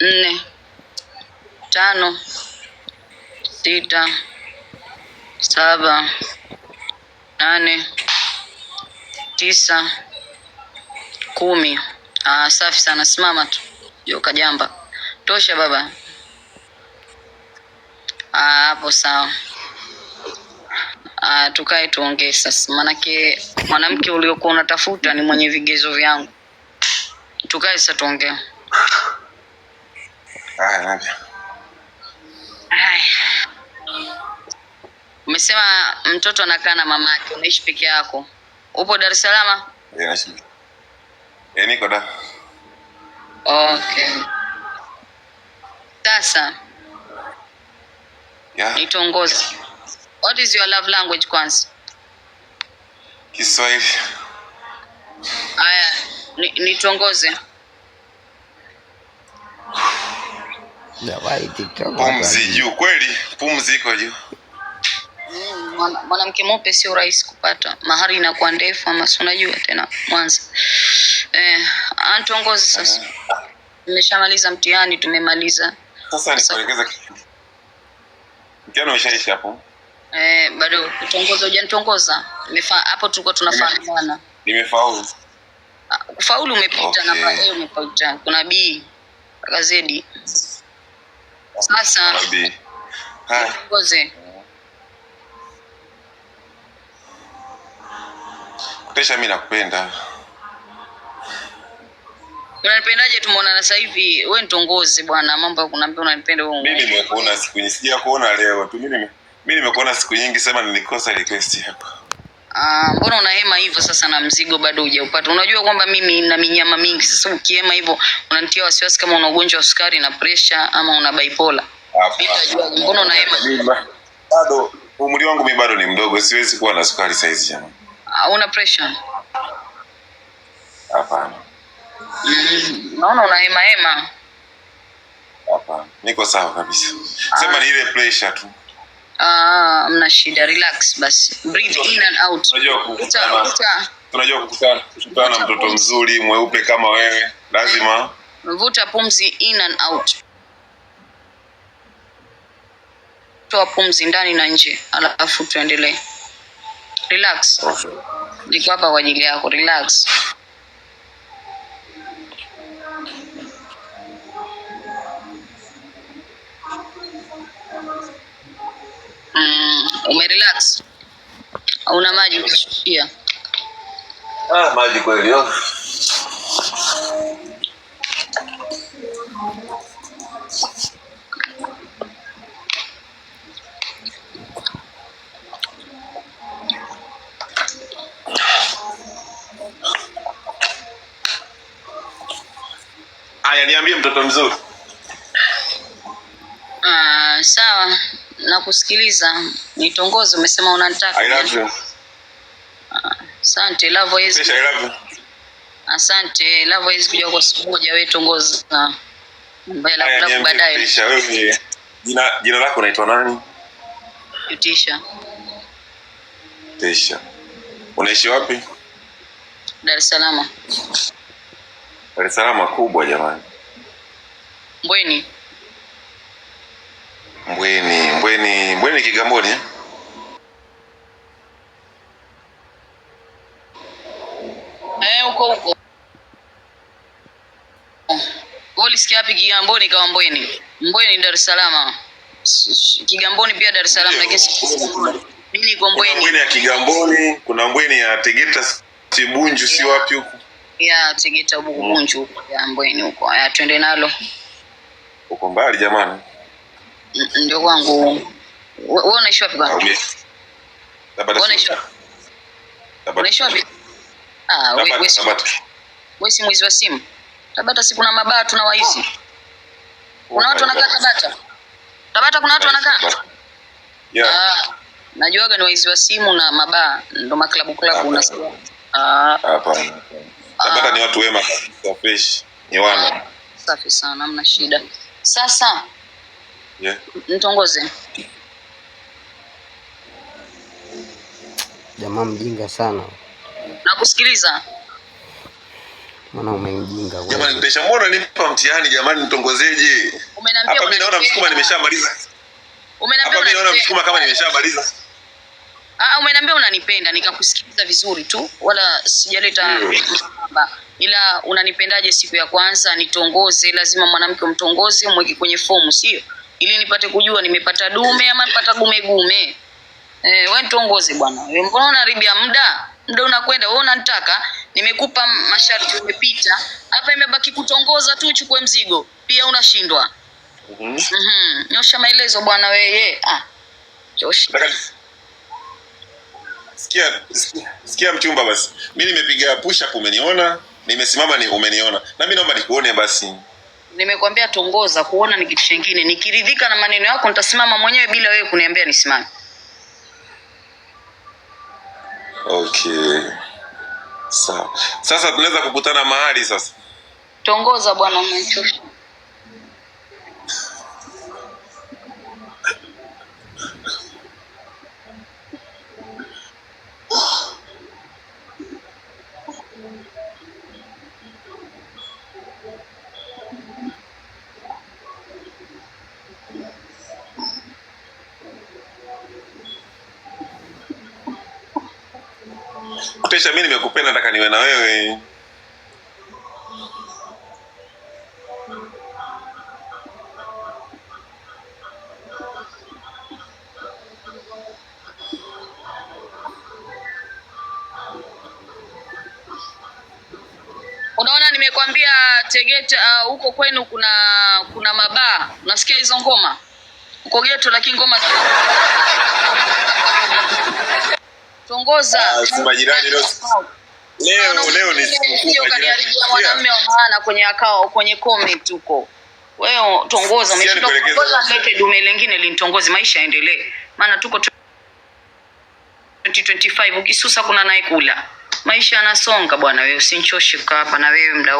nne, tano, sita, saba, nane, tisa, kumi. Aa, ah, safi sana. Simama tu joka jamba, tosha baba. Ah, hapo sawa. Ah, tukae tuongee sasa, maanake mwanamke uliokuwa unatafuta ni mwenye vigezo vyangu tukae sasa tuongee. Haya, umesema mtoto anakaa na mama yake, unaishi peke yako, upo Dar es Salaam? Yeah, niko da. Okay, sasa yeah. Nitongoze. What is your love language kwanza? Kiswahili. Haya. Nitongoze. Pumzi juu kweli, pumzi iko juu. Mm, mwanamke mweupe sio rahisi kupata, mahari inakuwa ndefu, ama si unajua tena Mwanza. Eh, antongoze ah, sasa. Eh. Nimeshamaliza mtihani, tumemaliza sasa. Nikuelekeza mtihani umeshaisha hapo? Eh, bado kutongoza, hujanitongoza hapo, tulikuwa tunafahamana. Nimefaulu ufaulu umepita okay. na hiyo umepita, kuna B mpaka Z. Sasa Pesha, mimi nakupenda. Unanipendaje? Tumeonana sasa hivi, wewe nitongoze bwana, mambo ya kuniambia unanipenda wewe. Mimi nimekuona siku nyingi, sijakuona leo tu. Mimi nimekuona siku nyingi, sema nilikosa request yako ah, mbona unahema hivyo sasa na mzigo bado hujaupata? Unajua kwamba mimi na minyama mingi, sasa ukihema hivyo unanitia wasiwasi kama una ugonjwa wa sukari na pressure ama una bipolar. Nitajua mbona unahema. Bado umri wangu mimi bado ni mdogo, siwezi kuwa na sukari saa hizi jamani. Uh, una pressure? Hapana. Mm, naona unahema hema. Hapana. Niko sawa kabisa. Sema ah. ni ile pressure tu. Ah, mna shida, relax basi. Breathe in and out. Tunajua kukutana na mtoto mzuri mweupe kama wewe, lazima vuta pumzi in and out. Toa pumzi ndani na nje, alafu tuendelee. Relax. Niko hapa kwa ajili yako, relax. Umerelax? Una maji ukishukia? Ah, maji kweli yo. Aya, niambie mtoto mzuri. Ah, sawa. Nakusikiliza, nitongoze. Umesema unanitaka. I love you. Asante, love is. Yes, I love you. Asante, love is kuja kwa siku moja, wewe tongoza. Ah, mbaya la kula baadaye. Wewe jina jina lako unaitwa nani? Tisha. Tisha. Unaishi wapi? Dar es Salaam. Dar es Salaam kubwa jamani. Mbweni. Mbweni, Mbweni, Mbweni Kigamboni eh? Eh, uko. Ulisikia wapi Kigamboni kama Mbweni? Mbweni Dar es Salaam. Kigamboni pia Dar es Salaam lakini mimi niko Mbweni. Mbweni ya Kigamboni, kuna Mbweni ya Tegeta si Si wapi huko? Ya Tegeta Bunju ya Mbweni huko. Haya twende nalo. Uko mbali jamani ndio wangu, wewe unaishi wapi bwana? unaishi wapi? Ah, wewe wewe si mwizi wa simu. Tabata si kuna mabaa tuna waizi. Kuna watu wanakaa Tabata. Tabata kuna watu wanakaa. Yeah. Ah, najuaga ni waizi wa simu na mabaa ndo maklabu klabu unasikia. Ah. Hapana. Tabata ah. ni watu wema, fresh, ni wana. Safi sana, mna shida. Sasa yeah. Mtongoze jamaa mjinga sana. Nakusikiliza mwana, umemjinga wewe. Jamani, pesha mbona nipa mtihani jamani, nitongozeje? Umeniambia hapa, mimi naona msukuma nimeshamaliza. Umeniambia mimi naona msukuma kama nimeshamaliza. Ah, ah, umeniambia unanipenda, nikakusikiliza vizuri tu, wala sijaleta mbamba. Mm. Ila unanipendaje? Siku ya kwanza nitongoze, lazima mwanamke umtongoze, umweke kwenye fomu, sio? ili nipate kujua nimepata dume ama nipata gume gume. Eh, wewe tuongoze bwana. Mbona unaribia muda? Muda unakwenda, wewe unanitaka, nimekupa masharti umepita. Hapa imebaki kutongoza tu uchukue mzigo. Pia unashindwa. Mhm. Mm hmm Nyosha maelezo bwana wewe. Ah. Joshi. Sikia, sikia mchumba basi. Mimi nimepiga push up umeniona, nimesimama ni umeniona. Na mimi naomba nikuone basi. Nimekwambia tongoza, kuona ni kitu chingine. Nikiridhika na maneno yako nitasimama mwenyewe bila wewe kuniambia nisimame. Okay. Sawa. Sasa tunaweza kukutana mahali sasa. Tongoza bwana, umenichosha. Pesha, mimi nimekupenda, nataka niwe na wewe. Unaona, nimekwambia Tegeta uh, huko uh, kwenu kuna kuna mabaa, unasikia hizo ngoma uko geto, lakini ngoma tuongoza ah, majirani leo leo leo ni mwanamume wa maana kwenye akao kwenye comment huko. Wewe tuongoza umeshinda kutongoza, dume lingine linitongoze, maisha yaendelee, maana tuko 2025 ukisusa kuna naye kula. Maisha yanasonga bwana, wewe usinchoshe kaa hapa na wewe mda